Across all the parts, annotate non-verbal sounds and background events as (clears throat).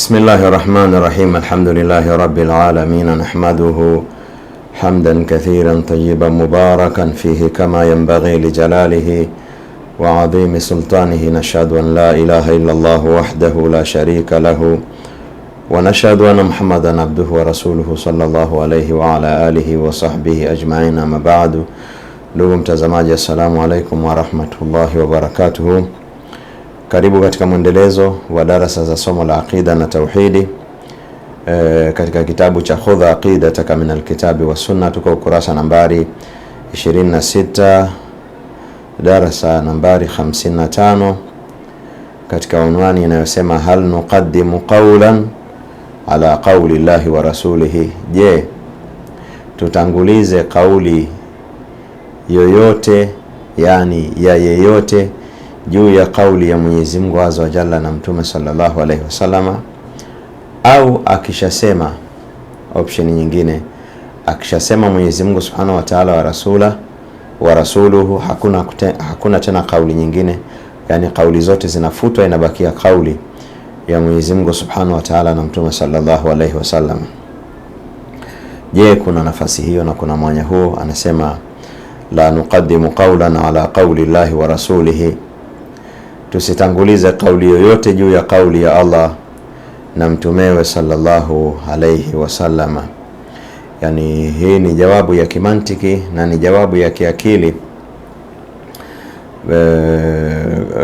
بسم الله الرحمن الرحيم الحمد لله رب العالمين نحمده حمدا كثيرا طيبا مباركا فيه كما ينبغي لجلاله وعظيم سلطانه نشهد ان لا اله الا الله وحده لا شريك له ونشهد ان محمدا عبده ورسوله صلى الله عليه وعلى اله وصحبه اجمعين اما بعد تزماج السلام عليكم ورحمه الله وبركاته Karibu katika mwendelezo wa darasa za somo la aqida na tauhidi e, katika kitabu cha khudha aqidataka min alkitabi wa sunna, tuko ukurasa nambari 26 darasa nambari 55 katika unwani inayosema hal nuqaddimu qawlan ala qawli llahi wa rasulihi, je, tutangulize kauli yoyote yani ya yeyote juu ya kauli ya Mwenyezi Mungu Azza wa Jalla na Mtume sallallahu alaihi wasallama, au akishasema option nyingine, akishasema Mwenyezi Mungu Subhanahu wa Ta'ala wa rasula wa rasuluhu, hakuna, kute, hakuna tena kauli nyingine, yani kauli zote zinafutwa, inabakia kauli ya Mwenyezi Mungu Subhanahu wa Ta'ala na Mtume sallallahu alaihi wasallam. Je, kuna nafasi hiyo na kuna mwanya huo? Anasema la nuqaddimu qawlan ala qawli llahi wa rasulihi tusitangulize kauli yoyote juu ya kauli ya Allah na mtumewe sallallahu alaihi wasallama. Yani hii ni jawabu ya kimantiki na ni jawabu ya kiakili. Ee,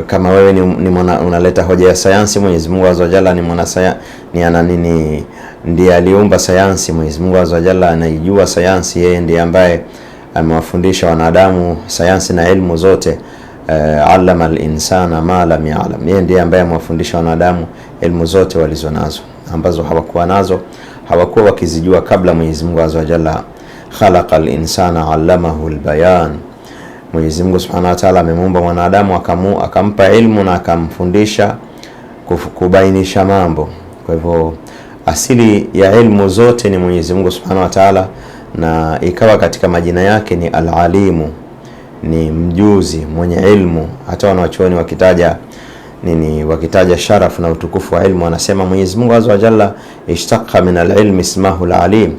kama wewe ni, ni mwana, unaleta hoja ya sayansi. Mwenyezi Mungu azza jalla ni mwana sayansi, ni ana nini? Ndiye aliumba sayansi. Mwenyezi Mungu azza jalla anaijua sayansi, yeye ndiye ambaye amewafundisha wanadamu sayansi na elimu zote uh, allama al ma lam ya'lam, yeye ndiye ambaye amewafundisha wanadamu elimu zote walizonazo ambazo hawakuwa nazo, hawakuwa wakizijua kabla. Mwenyezi Mungu azza wa jalla, khalaqal insana allamahu al Mwenyezi Mungu subhanahu wa ta'ala amemuumba mwanadamu akamu, akampa ilmu na akamfundisha kubainisha mambo. Kwa hivyo asili ya ilmu zote ni Mwenyezi Mungu subhanahu wa ta'ala, na ikawa katika majina yake ni al ni mjuzi mwenye ilmu. Hata wanawachuoni wakitaja nini, wakitaja sharaf na utukufu wa ilmu, anasema Mwenyezi Mungu azza wa jalla, ishtaqa min alilmi ismahu alalim,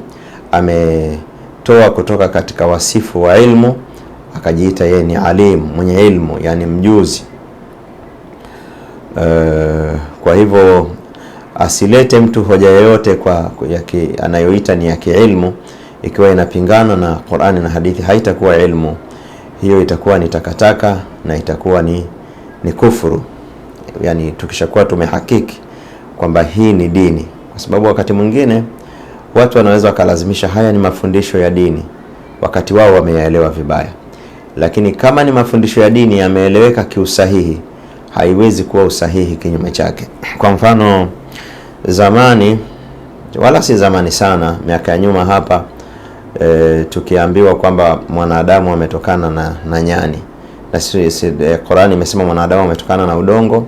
ametoa kutoka katika wasifu wa ilmu akajiita yeye ni alim, mwenye ilmu, yani mjuzi. Uh, kwa hivyo asilete mtu hoja yoyote kwa anayoita ni ya kiilmu ikiwa inapingana na Qur'ani na hadithi, haitakuwa ilmu hiyo itakuwa ni takataka na itakuwa ni, ni kufuru. Yani tukishakuwa tumehakiki kwamba hii ni dini, kwa sababu wakati mwingine watu wanaweza wakalazimisha haya ni mafundisho ya dini wakati wao wameyaelewa vibaya, lakini kama ni mafundisho ya dini yameeleweka kiusahihi, haiwezi kuwa usahihi kinyume chake. (clears throat) Kwa mfano, zamani wala si zamani sana, miaka ya nyuma hapa e, tukiambiwa kwamba mwanadamu ametokana na, na nyani na e, Qur'ani imesema mwanadamu ametokana na udongo,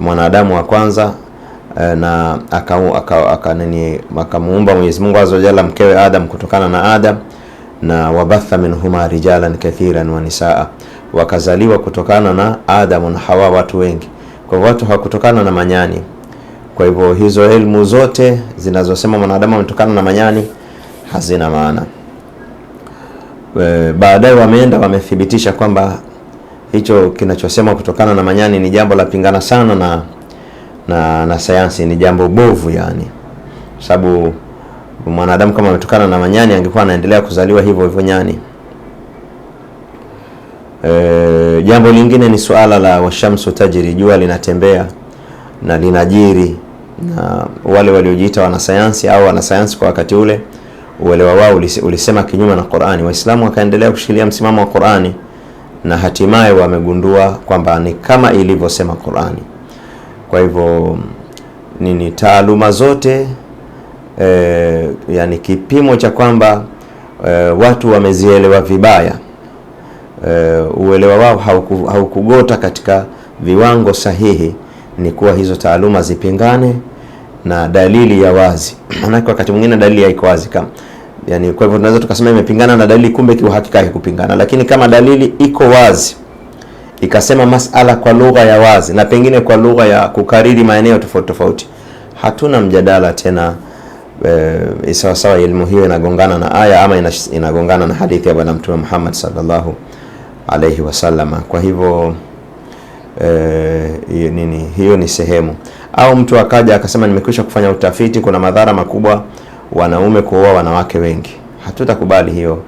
mwanadamu wa kwanza e, na akamuumba aka, aka, aka Mwenyezi Mungu azza mkewe Adam kutokana na Adam na wabatha minhuma rijalan kathiran wa nisaa, wakazaliwa kutokana na Adamu na Hawa watu wengi. Kwa hivyo watu hawakutokana na manyani. Kwa hivyo hizo elimu zote zinazosema mwanadamu ametokana na manyani hazina maana e, baadaye wameenda wamethibitisha kwamba hicho kinachosema kutokana na manyani ni jambo la pingana sana na, na, na sayansi, ni jambo bovu yani, sababu mwanadamu kama ametokana na manyani angekuwa anaendelea kuzaliwa hivyo hivyo nyani. E, jambo lingine ni suala la washamsu tajiri, jua linatembea na linajiri, na wale waliojiita wanasayansi au wanasayansi kwa wakati ule uelewa wao ulisema kinyume na Qur'ani. Waislamu wakaendelea kushikilia msimamo wa Qur'ani na hatimaye wamegundua kwamba ni kama ilivyosema Qur'ani. Kwa hivyo nini, taaluma zote e, yani kipimo cha kwamba e, watu wamezielewa vibaya e, uelewa wao haukugota katika viwango sahihi, ni kuwa hizo taaluma zipingane na dalili ya wazi. (clears throat) Maanake wakati mwingine dalili haiko wazi kama Yani kwa hivyo tunaweza tukasema imepingana na dalili, kumbe kiuhakika haikupingana. Lakini kama dalili iko wazi ikasema masala kwa lugha ya wazi na pengine kwa lugha ya kukariri maeneo tofauti tofauti, hatuna mjadala tena. E, eh, isawasawa elimu hiyo inagongana na aya ama inagongana na hadithi ya Bwana Mtume Muhammad sallallahu alaihi wasallama. Kwa hivyo e, nini hiyo ni sehemu, au mtu akaja akasema nimekwisha kufanya utafiti, kuna madhara makubwa wanaume kuoa wanawake wengi. Hatutakubali hiyo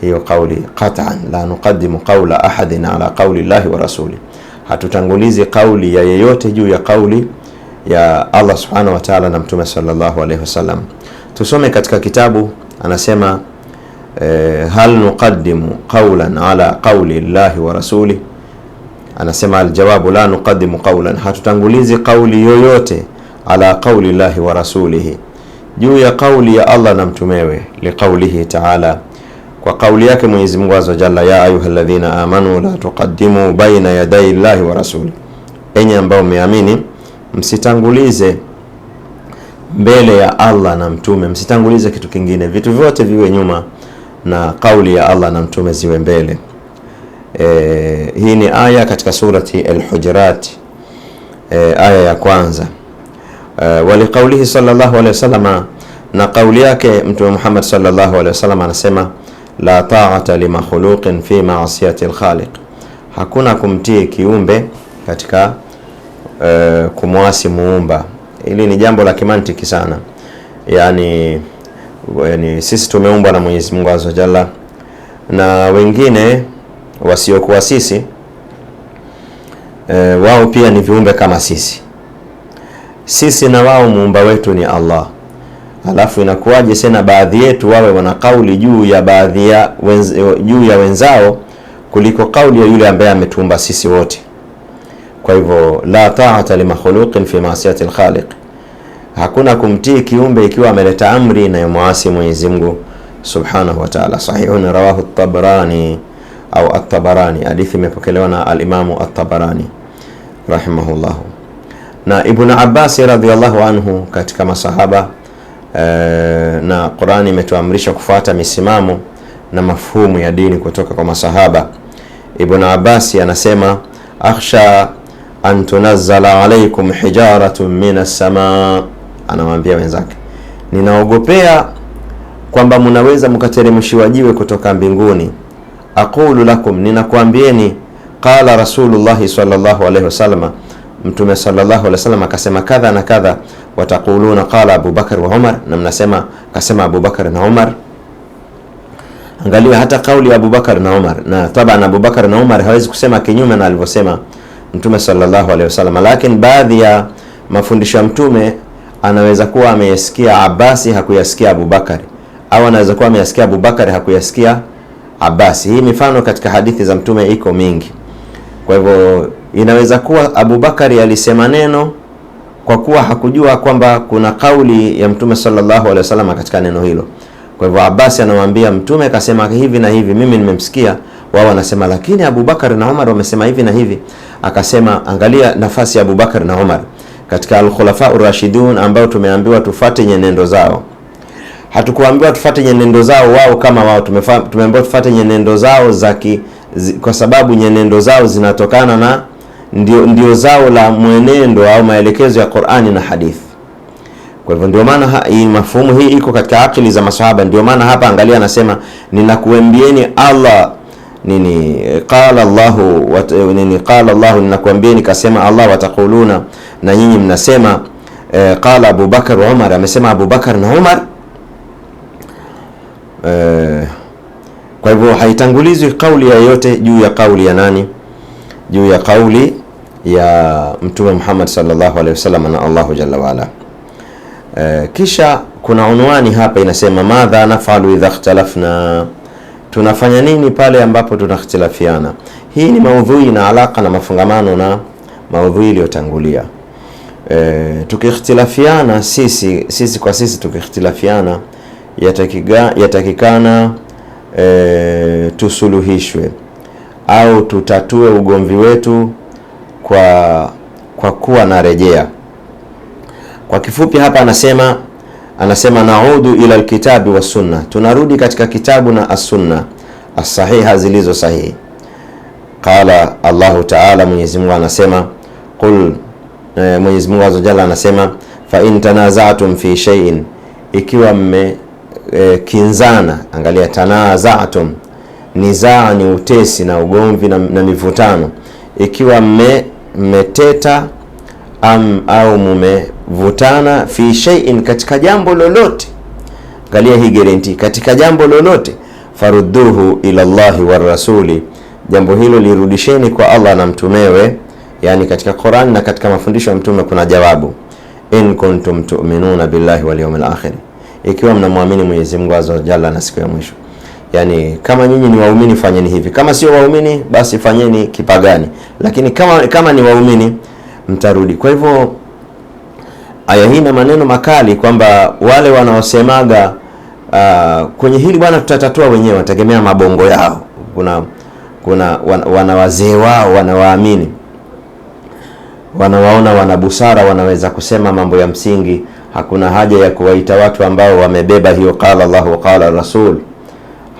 hiyo kauli qat'an. La nuqaddimu qawla ahadin ala qawli llahi wa rasuli, hatutangulizi kauli ya yeyote juu ya kauli ya Allah subhanahu wa ta'ala na mtume sallallahu alayhi wasallam. Tusome katika kitabu anasema eh, hal nuqaddimu qawlan ala qawli llahi wa rasuli, anasema aljawabu la nuqaddimu qawlan, hatutangulizi kauli yoyote ala qawli llahi wa rasulihi juu ya kauli ya Allah na mtumewe, liqaulihi taala, kwa kauli yake Mwenyezi Mungu azza jalla, ya ayyuhalladhina amanu la tuqaddimu baina yaday llahi wa rasuli, enye ambao mmeamini, msitangulize mbele ya Allah na mtume, msitangulize kitu kingine. Vitu vyote viwe nyuma na kauli ya Allah na mtume ziwe mbele. E, hii ni aya katika surati Al-Hujurat, e, aya ya kwanza. Eh, wa waliqaulihi sallallahu alaihi wasallam, na kauli yake Mtume Muhammad sallallahu alaihi wasallam anasema la ta'ata li makhluqin fi ma'siyati al-khaliq, hakuna kumtii kiumbe katika uh, kumwasi muumba. Hili ni jambo la kimantiki sana, yani, yani sisi tumeumbwa na Mwenyezi Mungu azza jalla, na wengine wasiokuwa sisi e, wao pia ni viumbe kama sisi sisi na wao muumba wetu ni Allah. Alafu inakuwaje sena baadhi yetu wawe wana kauli juu ya baadhi ya wenzi, juu ya wenzao kuliko kauli ya yule ambaye ametuumba sisi wote. Kwa hivyo la taata li makhluqin fi maasiyati al hakuna kumtii kiumbe ikiwa ameleta amri inayomwasi Mwenyezi Mungu subhanahu wa ta'ala. Sahihun rawahu at-Tabarani au at-Tabarani, hadithi imepokelewa na al-Imamu at-Tabarani rahimahullah na Ibn Abbas radhiallahu anhu katika masahaba e, na Qurani imetuamrisha kufuata misimamo na mafhumu ya dini kutoka kwa masahaba. Ibnu Abbas anasema akhsha an tunazzala alaikum hijaratun min assamaa, anawaambia wenzake, ninaogopea kwamba mnaweza mkateremshiwa jiwe kutoka mbinguni. Aqulu lakum, ninakuambieni, qala rasulullahi sallallahu alayhi wasallam Mtume sallallahu alaihi wasallam akasema kadha na kadha, watakuluna qala Abubakar wa Umar, na mnasema akasema Abubakar na Umar. Angalia hata kauli ya Abubakar na Umar, na taba taban Abubakar na Umar hawezi kusema kinyume na alivyosema Mtume sallallahu alaihi wasallam, lakini baadhi ya mafundisho ya Mtume anaweza kuwa ameyasikia Abasi hakuyasikia Abubakari, au anaweza kuwa ameyasikia Abubakari hakuyasikia Abasi. Hii mifano katika hadithi za Mtume iko mingi, kwa hivyo Inaweza kuwa Abubakari alisema neno kwa kuwa hakujua kwamba kuna kauli ya Mtume sallallahu alaihi wasallam katika neno hilo. Kwa hivyo Abbas anamwambia Mtume akasema hivi na hivi, mimi nimemsikia. Wao wanasema lakini Abubakar na Umar wamesema hivi na hivi. Akasema, angalia nafasi ya Abubakar na Umar katika al-Khulafa ar rashidun ambao tumeambiwa tufate nyenendo zao. Hatukuambiwa tufate nyenendo zao wao kama wao, tumeambiwa tufate nyenendo zao za kwa sababu nyenendo zao zinatokana na ndio, ndio zao la mwenendo au maelekezo ya Qur'ani na hadithi. Kwa hivyo ndio maana hii mafumu hii iko katika akili za masahaba. Ndio maana hapa, angalia, anasema ninakuambieni Allah nini, qala Allahu wat, nini qala Allahu, ninakuambieni kasema Allah, watakuluna, na nyinyi mnasema e, qala Abu Bakar wa Umar, amesema Abu Bakar na Umar e, kwa hivyo haitangulizwi kauli yote juu ya kauli ya nani, juu ya kauli ya Mtume Muhammad sallallahu alaihi wasallam na Allahu jalla waala. E, eh, kisha kuna unwani hapa inasema madha nafalu idha ikhtalafna, tunafanya nini pale ambapo tunakhtilafiana. Hii ni maudhui na alaka na mafungamano na maudhui iliyotangulia. E, eh, tukikhtilafiana sisi, sisi kwa sisi tukikhtilafiana yatakiga yatakikana e, tusuluhishwe au tutatue ugomvi wetu kwa, kwa kuwa narejea. Kwa kifupi hapa anasema anasema naudu ila alkitabi sunna, tunarudi katika kitabu na assunna asahiha zilizo sahihi. Qala Allahu taala, Mwenyezi Mungu anasema qul, e, Mwenyezi Mungu azza jalla anasema fa in tanazatum fi shay'in, ikiwa mme e, kinzana. Angalia, tanazatum nizaa ni utesi na ugomvi na, na mivutano, ikiwa mme mmeteta am au mumevutana fi shay'in, katika jambo lolote. Angalia hii guarantee, katika jambo lolote. Farudduhu ila Allahi wa rasuli, jambo hilo lirudisheni kwa Allah na mtumewe. Yani katika Qur'an na katika mafundisho ya mtume kuna jawabu, in kuntum tu'minuna billahi wal yawmil akhir, ikiwa mnamwamini Mwenyezi Mungu azza wa jalla na siku ya mwisho. Yaani, kama nyinyi ni waumini fanyeni hivi, kama sio waumini basi fanyeni kipagani, lakini kama, kama ni waumini mtarudi. Kwa hivyo aya hii na maneno makali kwamba wale wanaosemaga uh, kwenye hili bwana, tutatatua wenyewe, wategemea mabongo yao. Kuna kuna wana wazee wao wanawaamini, wanawaona wana busara, wanaweza kusema mambo ya msingi. Hakuna haja ya kuwaita watu ambao wamebeba hiyo qala Allahu qala rasul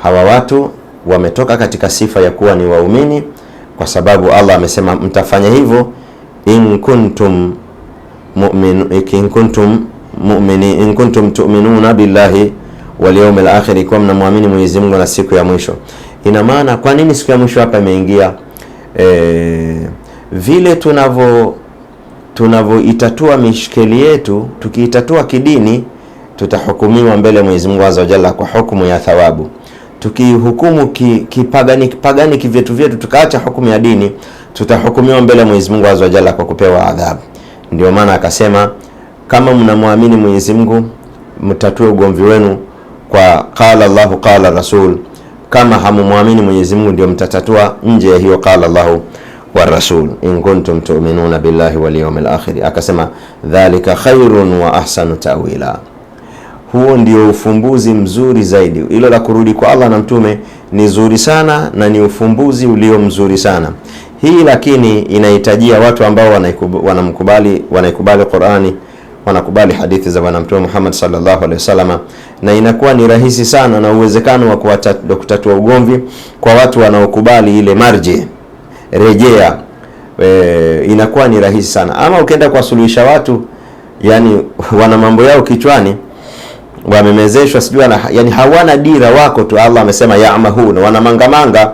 hawa watu wametoka katika sifa ya kuwa ni waumini, kwa sababu Allah amesema mtafanya hivyo in kuntum mu'min, in kuntum mu'mini, in kuntum tu'minuna billahi wal yawmil akhir, ikiwa mnamwamini Mwenyezi Mungu na siku ya mwisho. Ina maana kwa nini siku ya mwisho hapa imeingia? E, vile tunavyo tunavyoitatua mishkeli yetu, tukiitatua kidini tutahukumiwa mbele Mwenyezi Mungu azza wa jalla kwa hukumu ya thawabu tukihukumu kipagani ki kipagani kivyetu vyetu tukaacha hukumu ya dini, tutahukumiwa mbele ya Mwenyezi Mungu azza jalla kwa kupewa adhabu. Ndio maana akasema kama mnamwamini Mwenyezi Mungu mtatue ugomvi wenu kwa qala Allahu qala rasul. Kama hamumwamini Mwenyezi Mungu ndio mtatatua nje ya hiyo qala Allahu wa rasul, in kuntum tu'minuna billahi wal yawmil akhir. Akasema dhalika khairun wa ahsanu ta'wila. Huo ndio ufumbuzi mzuri zaidi. Hilo la kurudi kwa Allah na mtume ni zuri sana na ni ufumbuzi ulio mzuri sana. Hii lakini inahitajia watu ambao wanamkubali, wanaikubali Qur'ani, wanakubali hadithi za bwana mtume Muhammad sallallahu alaihi wasallam, na inakuwa ni rahisi sana na uwezekano wa kutatua ugomvi kwa watu wanaokubali ile marje rejea, e, inakuwa ni rahisi sana. Ama ukienda kuwasuluhisha watu, yani wana mambo yao kichwani wamemezeshwa sijui na yani hawana dira, wako tu. Allah amesema yamahun, wanamangamanga.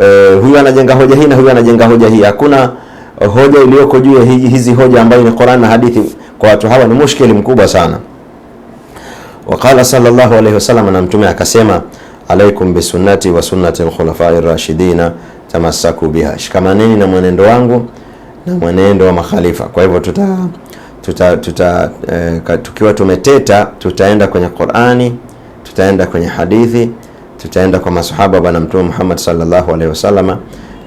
E, huyu anajenga hoja hii na huyu anajenga hoja hii. Hakuna eh, hoja iliyoko juu ya hizi hoja ambayo ni Qur'an na hadithi. Kwa watu hawa ni mushkili mkubwa sana. Waqala sallallahu alayhi wasallam, na mtume akasema, alaikum bisunnati wa sunnati alkhulafai ar-rashidin tamassaku biha, shikamaneni na mwenendo wangu na mwenendo wa makhalifa. Kwa hivyo tuta tuta, tuta e, tukiwa tumeteta tutaenda kwenye Qur'ani, tutaenda kwenye hadithi, tutaenda kwa masahaba bwana Mtume Muhammad sallallahu alaihi wasallam,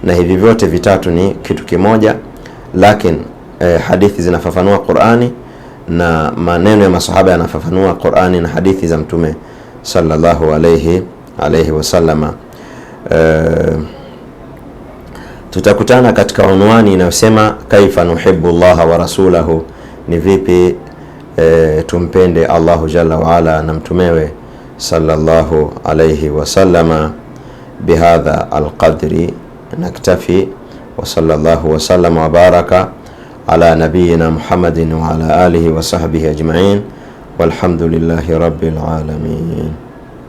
na hivi vyote vitatu ni kitu kimoja, lakini e, hadithi zinafafanua Qur'ani na maneno ya masahaba yanafafanua Qur'ani na hadithi za Mtume sallallahu alaihi alaihi wasallam. E, tutakutana katika unwani inayosema kaifa nuhibbu llaha wa rasulahu ni vipi e, tumpende Allahu jalla waala na mtumewe sallallahu alayhi wasallama bihadha alqadri naktafi wa sallallahu wasallama wabaraka ala nabiyina Muhammadin wa ala alihi wa sahbihi ajma'in walhamdulillahi rabbil alamin